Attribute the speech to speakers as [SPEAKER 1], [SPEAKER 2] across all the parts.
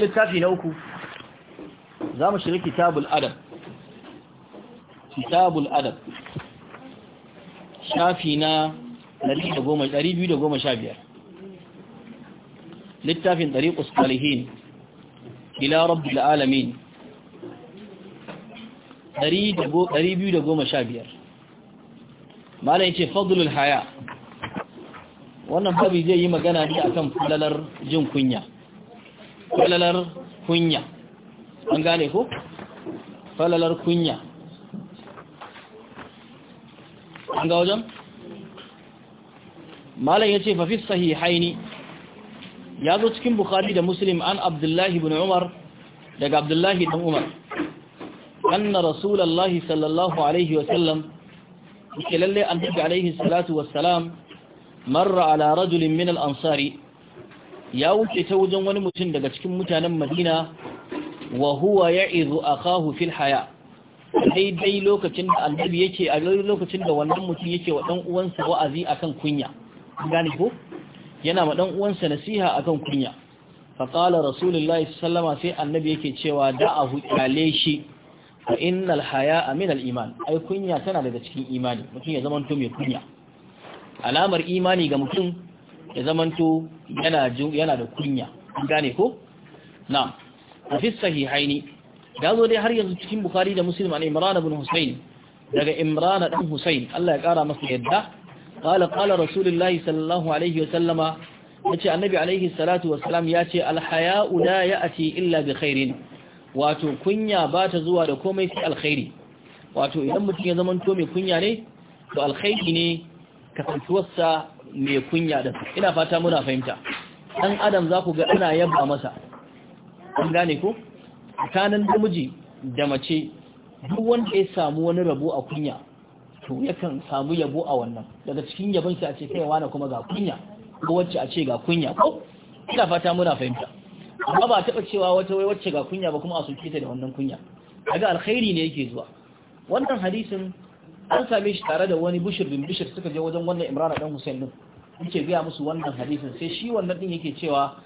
[SPEAKER 1] littafi na uku za mu shiga kitabul adab kitabul adab shafi na 215 littafin tariqus salihin ila rabbil alamin 215 malam ce fadlul haya wannan babu zai yi magana ne akan fulalar jin kunya falalar kunya an gane ko falalar kunya an ga wajen malam ya ce fafi sahihaini ya zo cikin bukhari da muslim an abdullahi bin umar daga abdullahi dan umar anna rasulallahi sallallahu alaihi wasallam ke lalle annabi alaihi salatu wassalam marra ala rajulin min al-ansari ya wuce ta wajen wani mutum daga cikin mutanen madina wa huwa ya'izu akahu fil haya dai lokacin da annabi yake a lokacin da wannan mutum yake wa dan uwansa wa'azi akan kunya gani ko yana ma dan uwansa nasiha akan kunya fa qala rasulullahi sallama sai annabi yake cewa da'ahu kyale shi fa innal haya min al iman ai kunya tana daga cikin imani mutum ya zama mutum mai kunya alamar imani ga mutum ya zamanto yana yana da kunya gane ko na fi sahihaini da zo dai har yanzu cikin bukhari da muslim an imran ibn husayn daga imran dan husayn Allah ya kara masa yadda qala qala rasulullahi sallallahu alaihi wa sallama yace annabi alaihi salatu wa salam yace al haya'u la ya'ti illa bi khairin wato kunya ba ta zuwa da komai sai alkhairi wato idan mutum ya zamanto mai kunya ne to alkhairi ne kasantuwarsa mai kunya da ina fata muna fahimta ɗan adam za ku ga ana yaba masa an gane ko tsakanin namiji da mace duk wanda ya samu wani rabo a kunya to yakan samu yabo a wannan daga cikin yabon shi a ce kai wani kuma ga kunya ko wacce a ce ga kunya ko ina fata muna fahimta amma ba taɓa cewa wata wai wacce ga kunya ba kuma a soke ta da wannan kunya Daga alkhairi ne yake zuwa wannan hadisin an same shi tare da wani bushir bin bushir suka je wajen wannan imran dan husain din yake gaya musu wannan hadisin sai shi wannan din yake cewa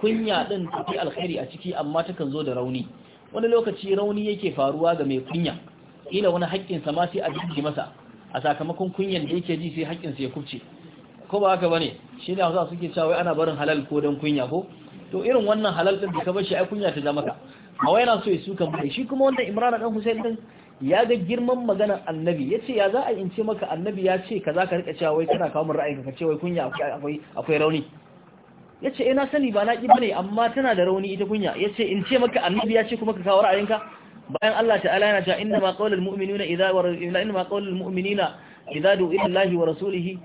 [SPEAKER 1] kunya din tafi alkhairi a ciki amma takan zo da rauni wani lokaci rauni yake faruwa ga mai kunya ila wani haƙƙin sa ma sai a jiki masa a sakamakon kunyan da yake ji sai haƙƙin sa ya kubce ko ba haka bane shi ne hausa suke cewa ana barin halal ko dan kunya ko to irin wannan halal din da ka bar shi ai kunya ta zama ka a wai yana so ya suka mai shi kuma wannan imran dan husain din ya ga girman maganar annabi ya ce ya za a ince maka annabi ya ce ka za ka rika cewa wai kana kawo min ra'ayi ka ce wai kunya akwai rauni ya ce ina eh, sani ba na ƙi bane amma tana da rauni ita kunya ya ce in ce maka annabi ya ce kuma ka kawo ra'ayinka bayan Allah ta'ala yana cewa inna ma qawlul mu'minina idza wa inna ma qawlul mu'minina idza du'a ila Allah wa rasulihi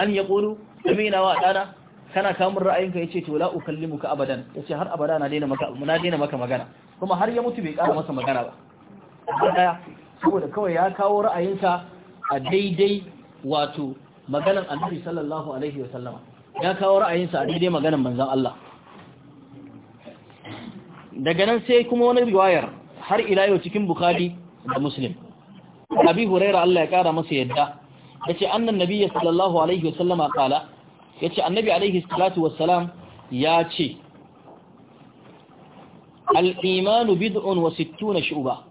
[SPEAKER 1] an yaqulu amina wa dana kana kawo min ra'ayinka ce to la ukallimuka abadan yace har abada na daina maka na daina maka magana kuma har ya mutu bai ƙara masa magana ba daya saboda kawai ya kawo ra'ayinsa a daidai wato maganan annabi sallallahu alaihi wa sallama ya kawo ra'ayinsa a daidai maganan manzon Allah daga nan sai kuma wani riwayar har ila yau cikin bukhari da muslim abi huraira Allah ya kara masa yadda yace annan nabiyyi sallallahu alaihi wa sallama kala yace annabi alaihi salatu wassalam ya ce al-imanu bid'un wa sittuna shu'ba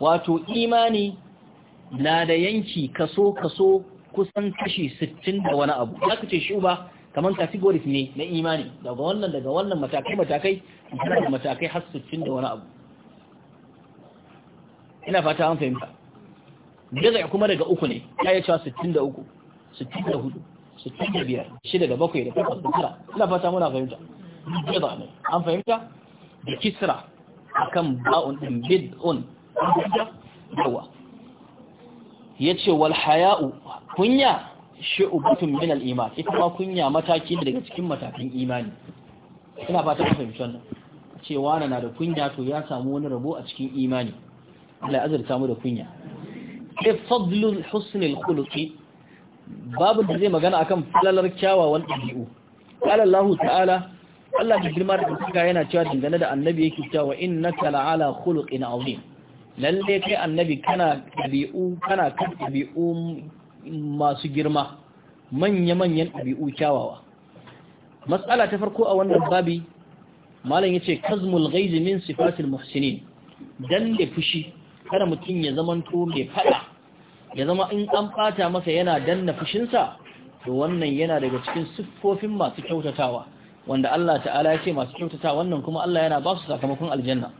[SPEAKER 1] wato imani na da yanki kaso kaso kusan kashi 60 da wani abu zaka ce shuba kamar categories ne na imani daga wannan daga wannan matakai matakai daga matakai har 60 da wani abu ina fata an fahimta jaza kuma daga uku ne ya yi cewa 63 da 65 shida da bakwai da takwas da tara ina fata muna fahimta jaza ne an fahimta da kisra akan ba'un din bid'un yawa yace wal haya'u kunya sheu min al iman ita ma kunya mataki daga cikin matakan imani ina fata ku fahimci wannan cewa na da kunya to ya samu wani rabo a cikin imani Allah azurta mu da kunya sai fadlul husnul khuluqi babu da zai magana akan falalar kyawawan dabi'u qala Allah ta'ala Allah da girma da kuka yana cewa dangane da annabi yake cewa innaka la'ala khuluqin azim lalle kai annabi kana ɗabi'u kana kan ɗabi'u masu girma manya-manyan ɗabi'u kyawawa matsala ta farko a wannan babi malam ce kazmul ghaizi min sifatil muhsinin dalle fushi kada mutum ya to mai fada ya zama in an fata masa yana danna fushinsa to wannan yana daga cikin siffofin masu kyautatawa wanda Allah ta'ala ya ce masu kyautatawa wannan kuma Allah yana ba su sakamakon aljanna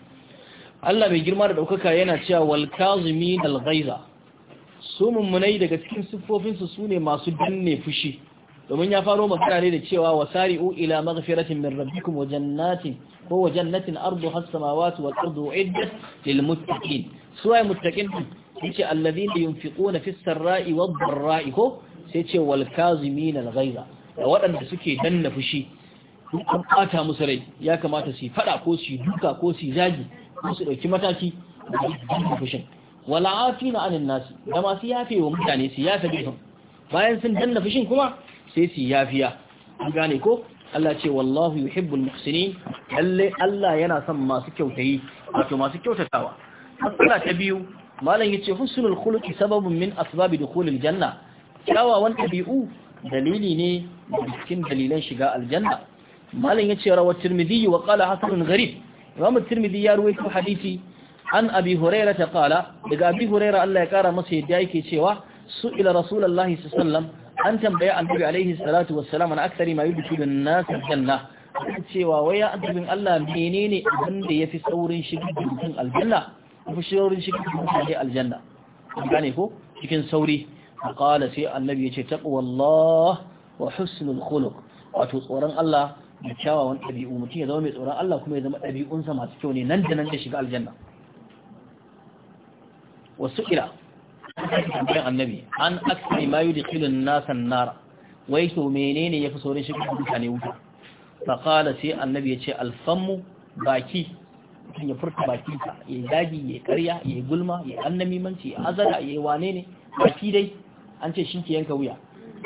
[SPEAKER 1] Allah mai girma da ɗaukaka yana cewa walkazumi kazimin al ghaiza su mummunai daga cikin siffofinsu su ne masu danne fushi domin ya faro magana ne da cewa wasari'u ila maghfiratin min rabbikum wa jannatin ko wa jannatin arduha as-samawati wal ardu uiddat lil muttaqin suwaye muttaqin yace alladhina yunfiquna fis sarra'i wad dharra'i ko sai ce wal kazimin ghaiza da waɗanda suke danna fushi an bata musu rai ya kamata su fada ko su duka ko su zagi ko su dauki mataki da fushin wala afina anin nasi da masu yafe wa mutane su yafe gaisun bayan sun danna fushin kuma sai su yafiya an gane ko Allah ce wallahu yuhibbul muhsinin lalle Allah yana son masu kyautayi wato masu kyautatawa matsala ta biyu malam yace husnul khuluqi sababun min asbabi dukhulil janna kyawawan tabi'u dalili ne cikin dalilan shiga aljanna malam yace rawat tirmidhi wa qala Hassanun gharib Imam Tirmidhi ya ruwaito hadisi an Abi Huraira ta kala daga Abi Huraira Allah ya kara masa yadda yake cewa su ila Rasulullahi sallallahu an tambaya Annabi alaihi salatu wassalam an akthari ma yudkhilu an-nas janna cewa wai ya Allah menene wanda yafi saurin shiga cikin aljanna yafi saurin shiga cikin aljanna gane ko cikin sauri qala sai annabi yace taqwallah wa husnul khuluq wato tsoron Allah da kyawawan ɗabi'u mutum ya zama mai tsoron Allah kuma ya zama ɗabi'unsa masu kyau ne nan da nan da shiga aljanna wasu ila tambayar annabi an aksari ma yudkhilun nasan Nara wai to menene yafi saurin shiga mutane wuta fa qala sai annabi yace alfamu baki kan ya furta baki ka ya zagi ya karya ya gulma ya annami manci ya azara ya wane ne baki dai an ce shi ke yanka wuya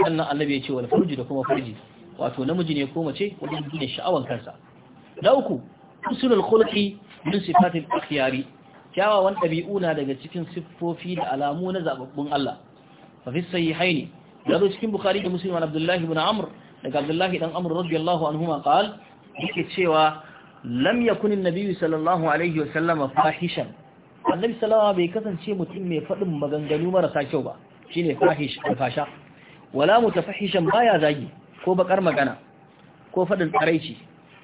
[SPEAKER 1] sannan annabi ce wal furji da kuma farji. wato namiji ne ko mace wajen gina sha'awan kansa na uku usulul khulqi min sifatil ikhtiyari kyawawan ɗabi'u na daga cikin siffofi da alamu na zababbun Allah fa fi haini. da zo cikin bukhari da muslim abdullahi ibn amr daga abdullahi dan amr radiyallahu anhuma qal yake cewa lam yakun an-nabi sallallahu alaihi wa sallam fahishan annabi sallallahu bai kasance mutum mai fadin maganganu marasa kyau ba shine fahish fasha wala mutafahishan baya zagi ko bakar magana ko faɗin tsaraici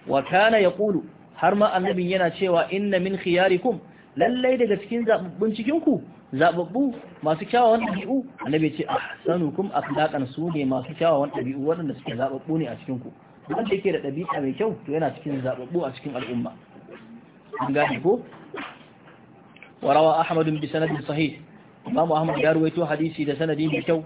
[SPEAKER 1] wa kana ya ƙulu har ma annabin yana cewa inna min khiyarikum lallai daga cikin zaɓaɓɓun cikinku zaɓaɓɓu masu kyawawan ɗabi'u annabi ce ahsanukum akhlaqan su ne masu kyawawan ɗabi'u waɗanda suke zaɓaɓɓu ne a cikinku wanda yake da ɗabi'a mai kyau to yana cikin zaɓaɓɓu a cikin al'umma an gane ko bi sanadin أحمد بسند صحيح إمام أحمد يروي da sanadi mai kyau,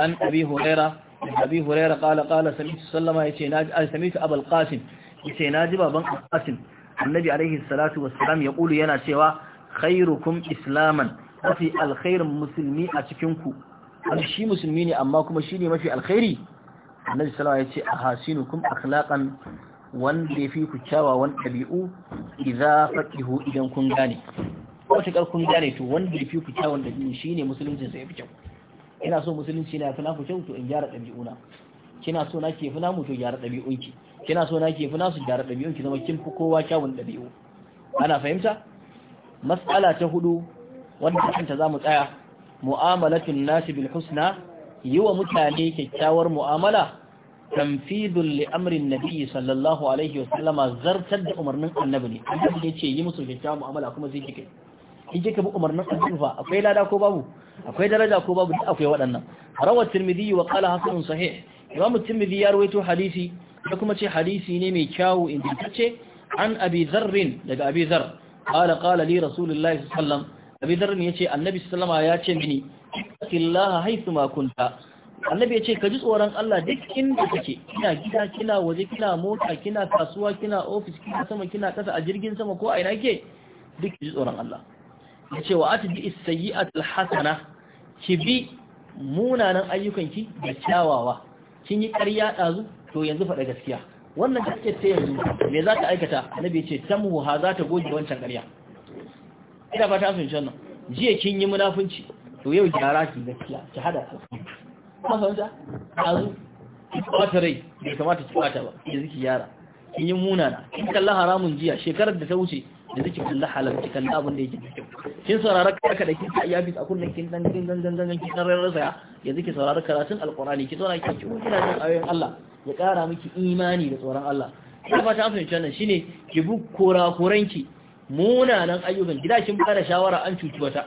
[SPEAKER 1] عن أبي هريرة abi hurairah qala qala sami'tu sallama yace na sami'tu abul qasim yace na ji baban qasim annabi Alayhi salatu wassalam ya kulu yana cewa khairukum islaman mafi alkhairin musulmi a cikin ku shi musulmi ne amma kuma shi ne mafi alkhairi annabi sallallahu alaihi wasallam ya ce ahasinukum akhlaqan wanda ya fi ku kyawawan ɗabi'u idza faqihu idan kun gane ko ta kun gane to wanda ya fi ku kyawawan ɗabi'u shine musulunci sai ya fi kyau ina so musulunci na fina ku kyau to in gyara ɗabi'una kina so na ke fina mu to gyara ɗabi'unki kina so na ke fina su gyara ɗabi'unki zama kin fi kowa kyawun ɗabi'u ana fahimta mas'ala ta hudu wanda kanta zamu tsaya mu'amalatun nasi bil husna yi wa mutane kyakkyawar mu'amala tamfidun li amrin nabi sallallahu alaihi wa sallama zartar da umarnin annabi ne annabi ne ce yi musu kyakkyawar mu'amala kuma sai kike in kika bi umarnin annabi fa akwai lada ko babu akwai daraja ko babu duk akwai waɗannan rawar tirmidhi wa qala hasan sahih imamu tirmidhi ya rawaito hadisi da kuma ce hadisi ne mai kyawu ingantacce an abi zarrin daga abi zar qala qala li rasulullahi sallallahu alaihi wasallam abi zarrin yace annabi sallama ya ce mini illaha haythu kunta annabi yace ka ji tsoron Allah duk inda kake kina gida kina waje kina mota kina kasuwa kina office kina sama kina kasa a jirgin sama ko a ina ke duk ji tsoron Allah ya ce wa ati bi sayyi'atul hasana ki bi munanan ayyukanki da kyawawa kin yi ƙarya ɗazu to yanzu faɗa gaskiya wannan gaskiyar ta yanzu me za ta aikata annabi ya ce tamuha za ta goge wancan ƙarya ina fata sun can nan jiya kin yi munafunci to yau gyara ki gaskiya ki hada ta ka fahimta ɗazu ki ɓata rai bai kamata ki ɓata ba yanzu ki gyara kin yi munana kin kalla haramun jiya shekarar da ta wuce yanzu ki kalla halal ki kalla abin da yake da kyau kin saurara karka da kin ta iya bis a kullun kin dan kin dan dan dan kin dan rarrasa yanzu ki saurara karatun alqur'ani ki zauna ki kiro kina jin ayoyin Allah ya kara miki imani da tsoron Allah ina fata an fahimci wannan shine ki bu korakoranki munanan ayyukan gida kin bada shawara an cuci wata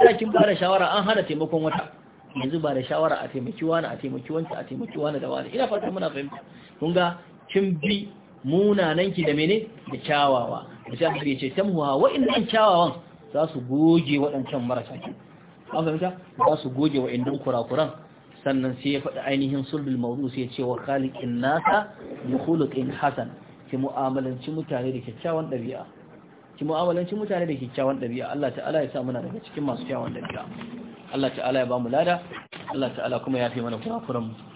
[SPEAKER 1] kada kin bada shawara an hana taimakon wata yanzu ba da shawara a taimaki wani a taimaki wanki a taimaki wani da wani ina fata muna fahimta kun ga kin bi ki da mene da kyawawa misali ya ce tamhuha wa'annan kyawawan za su goge waɗancan marasa an fahimta za su goge wa'annan kurakuran sannan sai ya faɗi ainihin sulbul mawdu sai ya ce wa khaliqin nasa bi khuluqin hasan ki mu'amalanci mutane da kyakkyawan ɗabi'a ki mu'amalanci mutane da kyakkyawan ɗabi'a Allah ta'ala ya sa muna daga cikin masu kyakkyawan ɗabi'a Allah ta'ala ya ba mu lada Allah ta'ala kuma ya fi mana kurakuran mu